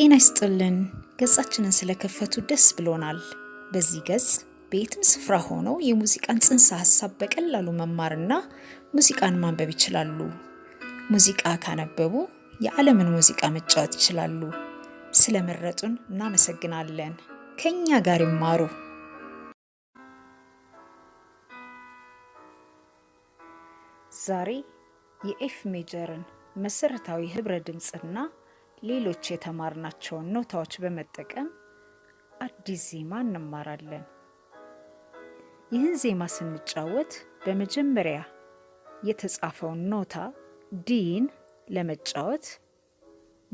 ጤና ይስጥልን። ገጻችንን ስለከፈቱ ደስ ብሎናል። በዚህ ገጽ በየትም ስፍራ ሆነው የሙዚቃን ጽንሰ ሀሳብ በቀላሉ መማርና ሙዚቃን ማንበብ ይችላሉ። ሙዚቃ ካነበቡ የዓለምን ሙዚቃ መጫወት ይችላሉ። ስለመረጡን እናመሰግናለን። ከኛ ጋር ይማሩ። ዛሬ የኤፍ ሜጀርን መሰረታዊ ህብረ ድምፅና ሌሎች የተማርናቸውን ኖታዎች በመጠቀም አዲስ ዜማ እንማራለን። ይህን ዜማ ስንጫወት በመጀመሪያ የተጻፈውን ኖታ ዲን ለመጫወት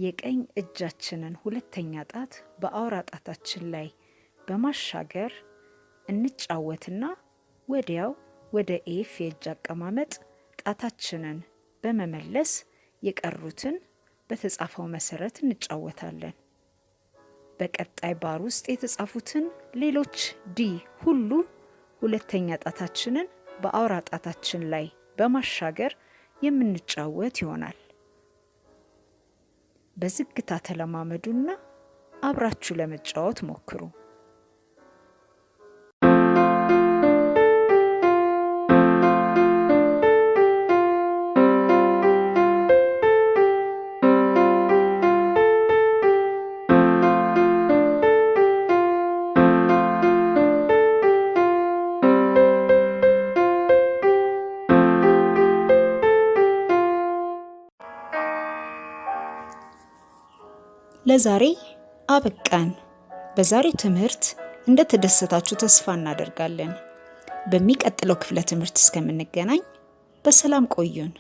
የቀኝ እጃችንን ሁለተኛ ጣት በአውራ ጣታችን ላይ በማሻገር እንጫወትና ወዲያው ወደ ኤፍ የእጅ አቀማመጥ ጣታችንን በመመለስ የቀሩትን በተጻፈው መሰረት እንጫወታለን። በቀጣይ ባር ውስጥ የተጻፉትን ሌሎች ዲ ሁሉ ሁለተኛ ጣታችንን በአውራ ጣታችን ላይ በማሻገር የምንጫወት ይሆናል። በዝግታ ተለማመዱና አብራችሁ ለመጫወት ሞክሩ። ለዛሬ አበቃን። በዛሬው ትምህርት እንደተደሰታችሁ ተስፋ እናደርጋለን። በሚቀጥለው ክፍለ ትምህርት እስከምንገናኝ በሰላም ቆዩን።